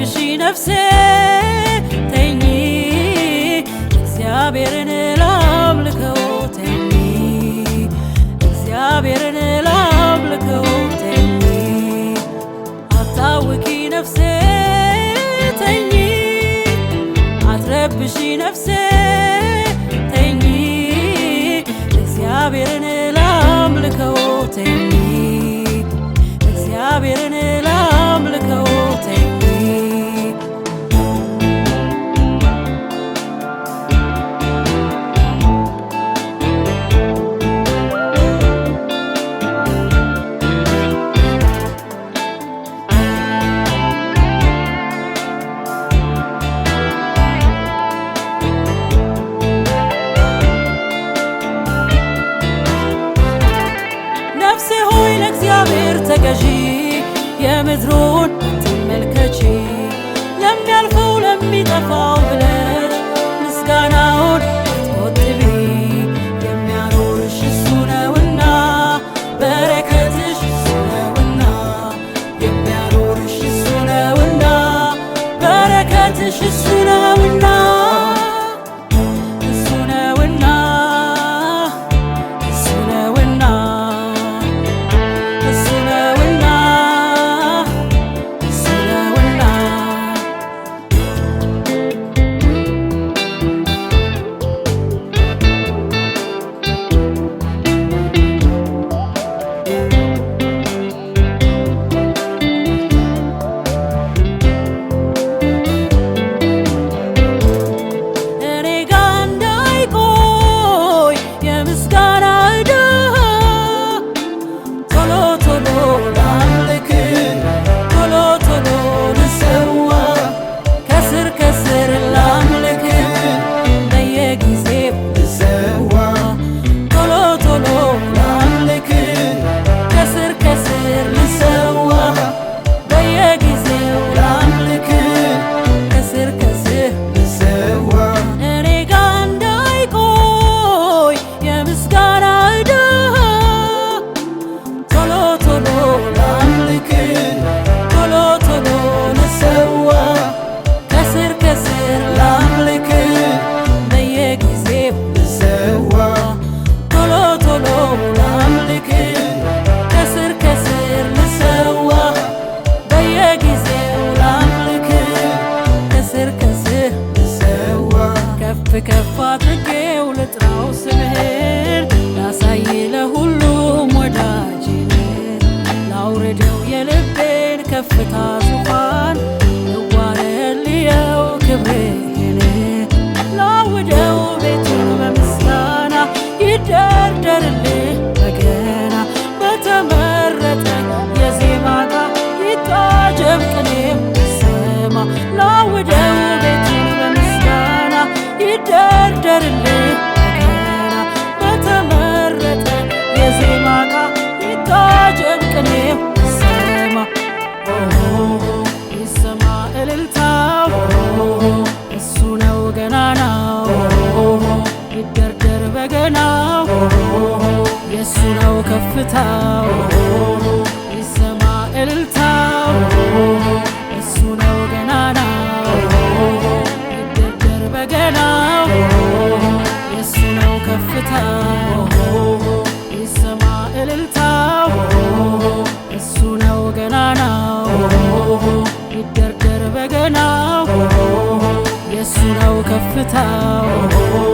አትሽብሺ ነፍሴ ተኝ እግዚአብሔርን ላምልከው ተኝ እግዚአብሔርን ላምልከው ተኝ አታውኪ ነፍሴ ተኝ አትረብሺ ነፍሴ ተኝ እግዚአብሔርን ላምልከው ተኝ ገዢ የምድሩን ትመልከቺ ለሚያልፈው ለሚጠፋው ብለሽ ምስጋናውን ትቆጥቢ የሚያኖርሽ እሱ ነውና በረከትሽ እሱ ነውና የሚያኖርሽ እሱ ነውና በረከትሽ እሱ ነውና ከፍታ ይሰማ እልልታው እሱ ነው ገናናው ይደርደር በገናው የእሱ ነው ከፍታው ይሰማ እልልታው እሱ ነው ገናናው ይደርደር በገናው የእሱ ነው ከፍታው ይሰማ እልልታው እሱ ነው ገናናው ይደርደር በገናው የእሱ ነው ከፍታው